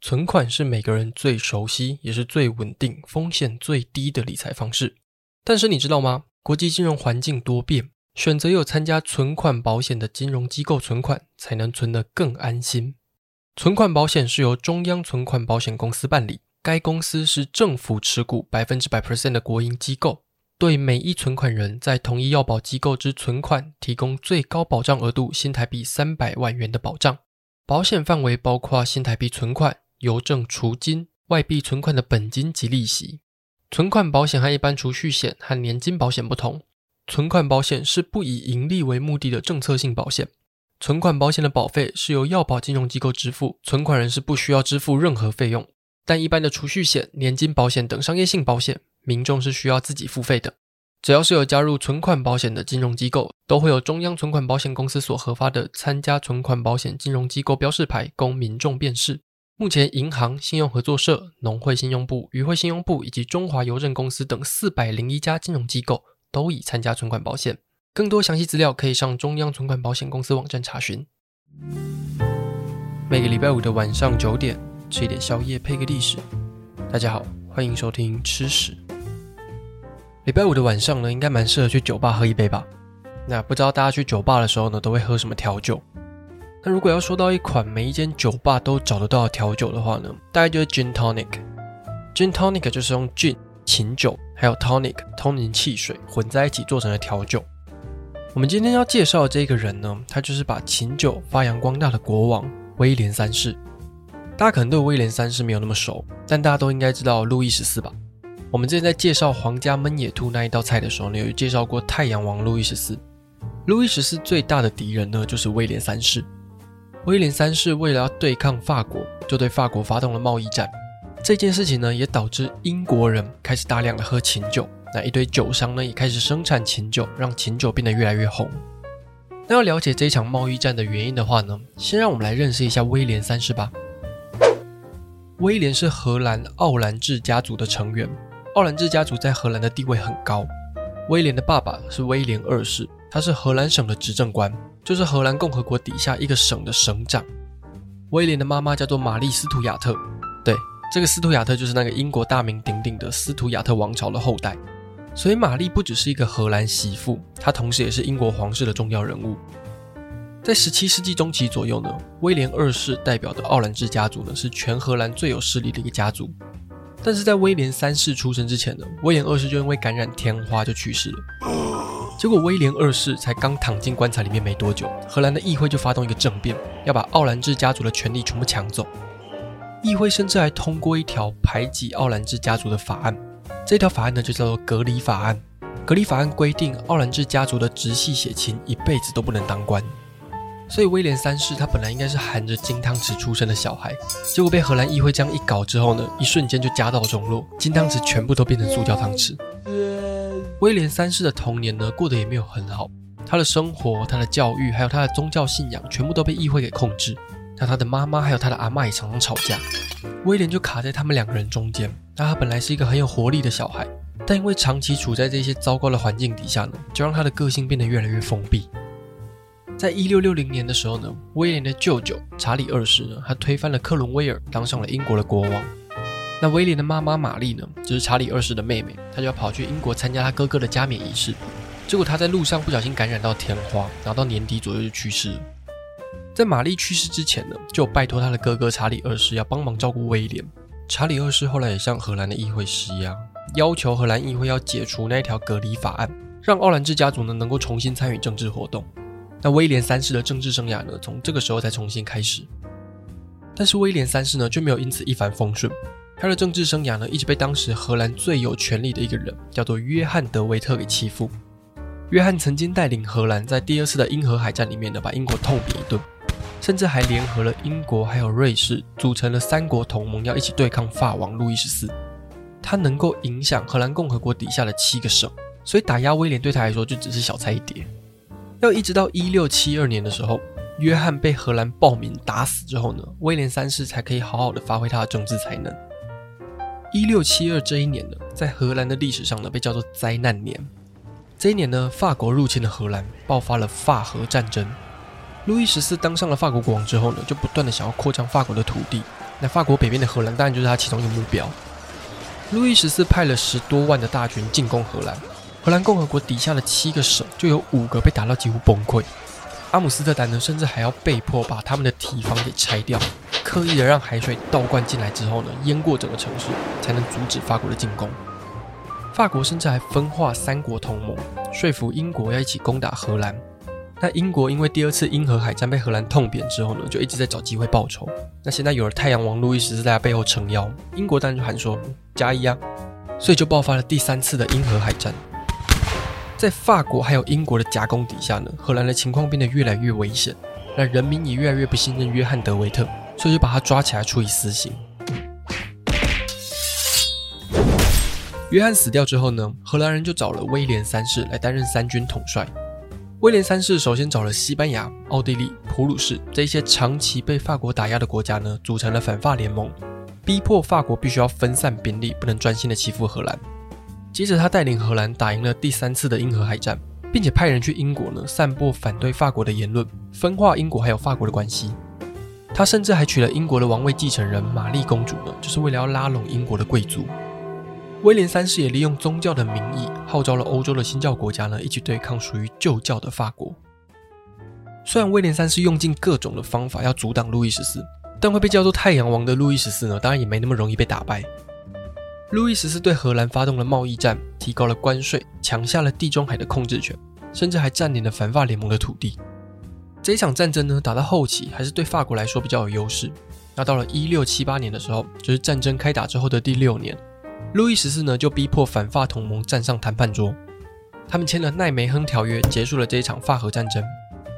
存款是每個人最熟悉，也是最穩定、風險最低的理財方式。但是你知道嗎？國際金融環境多變，選擇有參加存款保險的金融機構存款，才能存得更安心。存款保險是由中央存款保險公司辦理，該公司是政府持股百分之百 percent 的國營機構，對每一存款人在同一要保機構之存款提供最高保障額度新台幣三百萬元的保障。保險範圍包括新台幣存款。郵政儲金、外幣存款的本金及利息。存款保險和一般儲蓄險和年金保險不同，存款保險是不以盈利為目的的政策性保險。存款保險的保費是由要保金融機構支付，存款人是不需要支付任何費用。但一般的儲蓄險、年金保險等商業性保險，民眾是需要自己付費的。只要是有加入存款保險的金融機構，都會有中央存款保險公司所核發的參加存款保險金融機構標示牌供民眾辨識。目前，銀行、信用合作社、農會信用部、漁會信用部以及中華郵政公司等四百零一家金融機構都已參加存款保險。更多詳細資料可以上中央存款保險公司網站查詢。每個禮拜五的晚上九點，吃一點宵夜配個歷史。大家好，歡迎收聽《吃史》。禮拜五的晚上呢，應該蠻適合去酒吧喝一杯吧？那不知道大家去酒吧的時候呢，都會喝什麼調酒？那如果要說到一款每一間酒吧都找得到的調酒的話呢，大概就是 Gin Tonic。Gin Tonic 就是用 Gin 琴酒還有 Tonic 通寧汽水混在一起做成的調酒。我們今天要介紹的這個人呢，他就是把琴酒發揚光大的國王威廉三世。大家可能對威廉三世沒有那麼熟，但大家都應該知道路易十四吧？我們之前在介紹皇家燜野兔那一道菜的時候呢，有介紹過太陽王路易十四。路易十四最大的敵人呢，就是威廉三世。威廉三世為了要對抗法國，就對法國發動了貿易戰。這件事情呢，也導致英國人開始大量的喝琴酒。那一堆酒商呢，也開始生產琴酒，讓琴酒變得越來越紅。那要了解這場貿易戰的原因的話呢，先讓我們來認識一下威廉三世吧。威廉是荷蘭奧蘭治家族的成員，奧蘭治家族在荷蘭的地位很高。威廉的爸爸是威廉二世，他是荷蘭省的執政官。就是荷蘭共和國底下一個省的省長，威廉的媽媽叫做瑪麗·斯圖亞特，對，這個斯圖亞特就是那個英國大名鼎鼎的斯圖亞特王朝的後代，所以瑪麗不只是一個荷蘭媳婦，她同時也是英國皇室的重要人物。在十七世紀中期左右呢，威廉二世代表的奧蘭治家族呢是全荷蘭最有勢力的一個家族，但是在威廉三世出生之前呢，威廉二世就因為感染天花就去世了。結果，威廉二世才剛躺進棺材裡面沒多久，荷蘭的議會就發動一個政變，要把奧蘭治家族的權力全部搶走。議會甚至還通過一條排擠奧蘭治家族的法案，這條法案呢就叫做《隔離法案》。隔離法案規定，奧蘭治家族的直系血親一輩子都不能當官。所以，威廉三世他本來應該是含着金湯匙出生的小孩，結果被荷蘭議會這樣一搞之後呢，一瞬間就家道中落，金湯匙全部都變成塑膠湯匙。威廉三世的童年呢，過得也沒有很好。他的生活、他的教育，還有他的宗教信仰，全部都被議會給控制。但他的媽媽還有他的阿嬤也常常吵架，威廉就卡在他們兩個人中間。那他本來是一個很有活力的小孩，但因為長期處在這些糟糕的環境底下呢，就讓他的個性變得越來越封閉。在一六六零年的時候呢，威廉的舅舅查理二世呢，他推翻了克倫威爾，當上了英國的國王。那威廉的媽媽瑪麗呢，只是查理二世的妹妹，她就要跑去英國參加她哥哥的加冕儀式。結果她在路上不小心感染到天花，然後到年底左右就去世了。在瑪麗去世之前呢，就拜託他的哥哥查理二世要幫忙照顧威廉。查理二世後來也向荷蘭的議會施壓，要求荷蘭議會要解除那條隔離法案，讓奧蘭治家族呢能夠重新參與政治活動。那威廉三世的政治生涯呢，從這個時候才重新開始。但是威廉三世呢，就沒有因此一帆風順。他的政治生涯呢，一直被當時荷蘭最有權力的一個人叫做約翰·德維特給欺負。約翰曾經帶領荷蘭在第二次的英荷海戰裡面呢，把英國痛扁一頓，甚至還聯合了英國還有瑞士，組成了三國同盟，要一起對抗法王路易十四。他能夠影響荷蘭共和國底下的七個省，所以打壓威廉對他來說就只是小菜一碟。要一直到一六七二年的時候，約翰被荷蘭暴民打死之後呢，威廉三世才可以好好的發揮他的政治才能。一六七二這一年呢，在荷蘭的歷史上呢，被叫做災難年。這一年呢，法國入侵了荷蘭，爆發了法荷戰爭。路易十四當上了法國國王之後呢，就不斷地想要擴張法國的土地。那法國北邊的荷蘭，當然就是他其中一個目標。路易十四派了十多萬的大軍進攻荷蘭，荷蘭共和國底下的七個省就有五個被打到幾乎崩潰。阿姆斯特丹呢，甚至還要被迫把他們的堤防給拆掉。刻意的讓海水倒灌進來之後呢，淹過整個城市，才能阻止法國的進攻。法國甚至還分化三國同盟，說服英國要一起攻打荷蘭。那英國因為第二次英荷海戰被荷蘭痛扁之後呢，就一直在找機會報仇。那現在有了太陽王路易十四在他背後撐腰，英國當然就喊說加一啊，所以就爆發了第三次的英荷海戰。在法國還有英國的夾攻底下呢，荷蘭的情況變得越來越危險，那人民也越來越不信任約翰·德維特。所以就把他抓起來處私，處以死刑。約翰死掉之後呢，荷蘭人就找了威廉三世來擔任三軍統帥。威廉三世首先找了西班牙、奧地利、普魯士這些長期被法國打壓的國家呢，組成了反法聯盟，逼迫法國必須要分散兵力，不能專心的欺負荷蘭。接着他帶領荷蘭打贏了第三次的英荷海戰，並且派人去英國呢，散播反對法國的言論，分化英國還有法國的關係。他甚至還娶了英國的王位繼承人瑪麗公主呢，就是為了要拉攏英國的貴族。威廉三世也利用宗教的名義號召了歐洲的新教國家呢，一起對抗屬於舊教的法國。雖然威廉三世用盡各種的方法要阻擋路易十四，但會被叫做太陽王的路易十四呢，當然也沒那麼容易被打敗。路易十四對荷蘭發動了貿易戰，提高了關稅，搶下了地中海的控制權，甚至還佔領了反法聯盟的土地。這一場戰爭呢，打到後期還是對法國來說比較有優勢。那到了一六七八年的時候，就是戰爭開打之後的第六年，路易十四呢就逼迫反法同盟站上談判桌，他們簽了奈梅亨條約，結束了這一場法荷戰爭。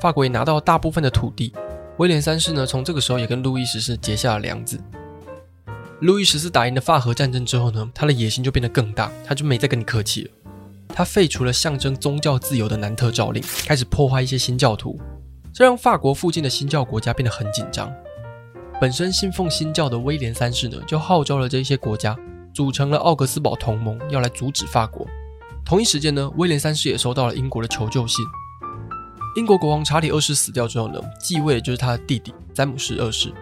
法國也拿到了大部分的土地。威廉三世呢，從這個時候也跟路易十四結下了梁子。路易十四打贏了法荷戰爭之後呢，他的野心就變得更大，他就沒再跟你客氣了。他廢除了象徵宗教自由的南特詔令，開始破壞一些新教徒。這讓法國附近的新教國家變得很緊張。本身信奉新教的威廉三世呢，就號召了這些國家，組成了奧格斯堡同盟，要來阻止法國。同一時間呢，威廉三世也收到了英國的求救信。英國國王查理二世死掉之後呢，繼位的就是他的弟弟詹姆士二世。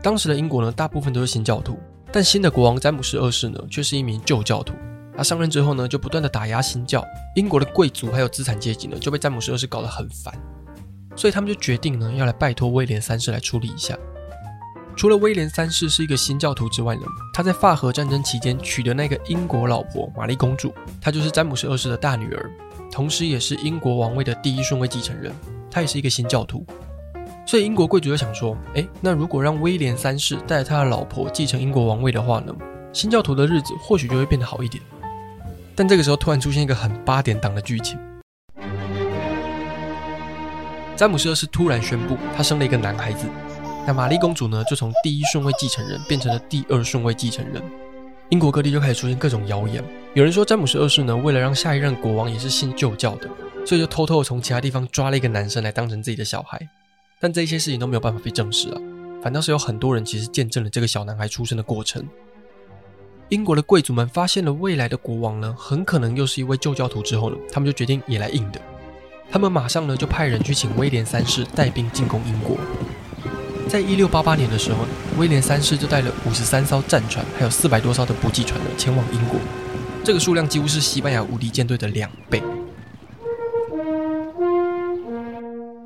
當時的英國呢，大部分都是新教徒，但新的國王詹姆士二世呢，卻是一名舊教徒。他上任之後呢，就不斷的打壓新教。英國的貴族還有資產階級呢，就被詹姆士二世搞得很煩。所以他們就決定呢，要來拜托威廉三世來處理一下。除了威廉三世是一個新教徒之外呢，他在法荷戰爭期間娶的那個英國老婆瑪麗公主，她就是詹姆斯二世的大女兒，同時也是英國王位的第一順位繼承人，她也是一個新教徒。所以英國貴族就想說，誒，那如果讓威廉三世帶着他的老婆繼承英國王位的話呢，新教徒的日子或許就會變得好一點。但這個時候突然出現一個很八點檔的劇情。詹姆斯二世突然宣布，他生了一個男孩子，那瑪麗公主呢，就從第一順位繼承人變成了第二順位繼承人。英國各地就開始出現各種謠言，有人說詹姆斯二世呢，為了讓下一任國王也是信舊教的，所以就偷偷從其他地方抓了一個男生來當成自己的小孩。但這些事情都沒有辦法被證實啊，反倒是有很多人其實見證了這個小男孩出生的過程。英國的貴族們發現了未來的國王呢，很可能又是一位舊教徒之後呢，他們就決定也來硬的。他們馬上呢就派人去請威廉三世帶兵進攻英國。在一六八八年的時候，威廉三世就帶了五十三艘戰船，還有四百多艘的補給船，來前往英國。這個數量幾乎是西班牙無敵艦隊的兩倍。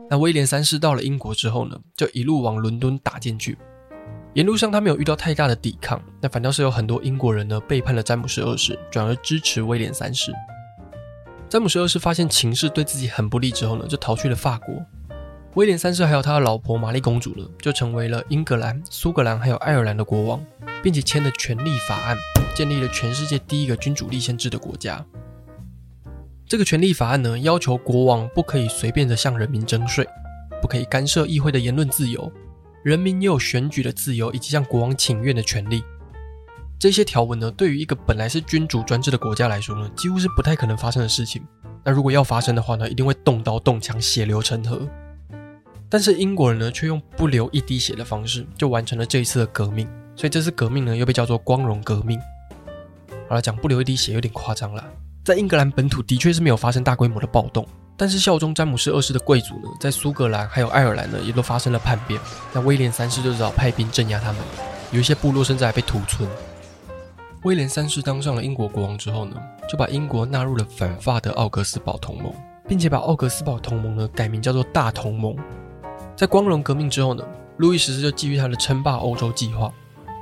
那威廉三世到了英國之後呢，就一路往倫敦打進去。沿路上他沒有遇到太大的抵抗，但反倒是有很多英國人呢背叛，了詹姆士二世，轉而支持威廉三世。詹姆士二世發現情勢對自己很不利之後呢，就逃去了法國。威廉三世還有他的老婆瑪麗公主呢，就成為了英格蘭、蘇格蘭還有愛爾蘭的國王，並且簽了《權利法案》，建立了全世界第一個君主立憲制的國家。這個《權利法案》呢，要求國王不可以隨便的向人民徵稅，不可以干涉議會的言論自由，人民也有選舉的自由以及向國王請願的權利。這些條文呢，對於一個本來是君主專制的國家來說呢，幾乎是不太可能發生的事情。那如果要發生的話呢，一定會動刀動槍，血流成河。但是英國人呢，卻用不留一滴血的方式就完成了這一次的革命。所以這次革命呢，又被叫做光榮革命。好了，講不留一滴血有點誇張了。在英格蘭本土的確是沒有發生大規模的暴動，但是效忠詹姆斯二世的貴族呢，在蘇格蘭還有愛爾蘭呢，也都發生了叛變。那威廉三世就只好派兵鎮壓他們，有一些部落甚至還被屠村。威廉三世當上了英國國王之後呢，就把英國納入了反法的奧格斯堡同盟，並且把奧格斯堡同盟呢改名，叫做大同盟。在光榮革命之後呢，路易十四就基於他的稱霸歐洲計劃，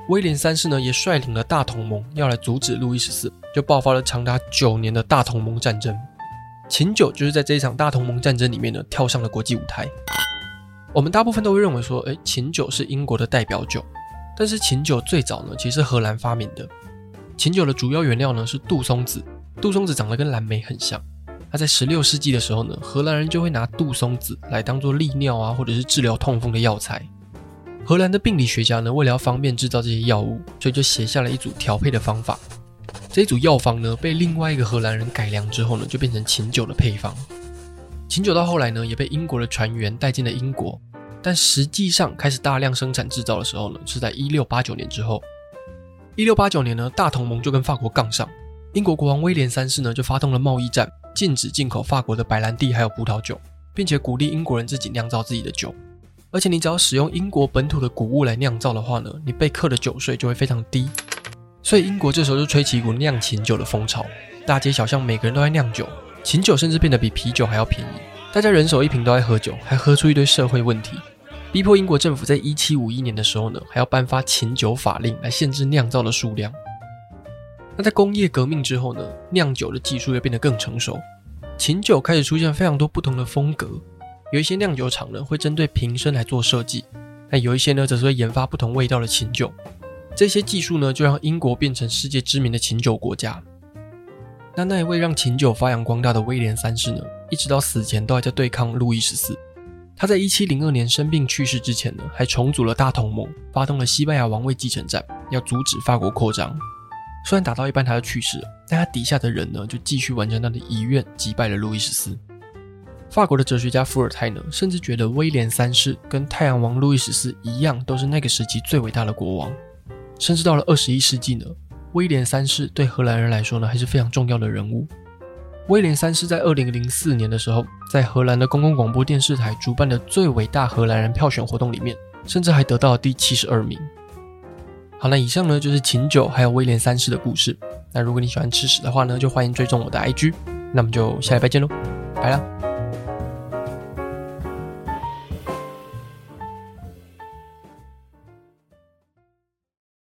威廉三世呢也率領了大同盟要來阻止路易十四，就爆發了長達九年的大同盟戰爭。琴酒就是在這一場大同盟戰爭裡面呢，跳上了國際舞台。我們大部分都會認為說，哎，琴酒是英國的代表酒，但是琴酒最早呢其實是荷蘭發明的。琴酒的主要原料呢是杜松子，杜松子長得跟藍莓很像。那、啊、在十六世紀的時候呢，荷蘭人就會拿杜松子來當做利尿啊，或者是治療痛風的藥材。荷蘭的病理學家呢，為了要方便製造這些藥物，所以就寫下了一組調配的方法。這一組藥方呢，被另外一個荷蘭人改良之後呢，就變成琴酒的配方。琴酒到後來呢，也被英國的船員帶進了英國，但實際上開始大量生產製造的時候呢，是在一六八九年之後。一六八九年呢，大同盟就跟法國槓上，英國國王威廉三世呢就發動了貿易戰，禁止進口法國的白蘭地還有葡萄酒，並且鼓勵英國人自己釀造自己的酒。而且你只要使用英國本土的穀物來釀造的話呢，你被課的酒稅就會非常低。所以英國這時候就吹起一股釀琴酒的風潮，大街小巷每個人都在釀酒，琴酒甚至變得比啤酒還要便宜，大家人手一瓶都在喝酒，還喝出一堆社會問題。逼迫英國政府在一七五一年的時候呢，還要頒發琴酒法令來限制釀造的數量。那在工業革命之後呢，釀酒的技術又變得更成熟，琴酒開始出現了非常多不同的風格。有一些釀酒廠呢，會針對瓶身來做設計，但有一些呢，則是會研發不同味道的琴酒。這些技術呢，就讓英國變成世界知名的琴酒國家。那那一位讓琴酒發揚光大的威廉三世呢，一直到死前都還在對抗路易十四。他在一七零二年生病去世之前呢，還重組了大同盟，發動了西班牙王位繼承戰，要阻止法國擴張。雖然打到一半他就去世了，但他底下的人呢，就繼續完成他的遺願，擊敗了路易十四。法國的哲學家伏爾泰呢，甚至覺得威廉三世跟太陽王路易十四一樣，都是那個時期最偉大的國王。甚至到了二十一世紀呢，威廉三世對荷蘭人來說呢，還是非常重要的人物。威廉三世在二零零四年的時候，在荷蘭的公共廣播電視台主辦的最偉大荷蘭人票選活動裡面，甚至還得到了第七十二名。好了，那以上呢就是琴酒還有威廉三世的故事。那如果你喜歡吃屎的話呢，就歡迎追蹤我的 IG。那麼就下禮拜見嘍，拜啦。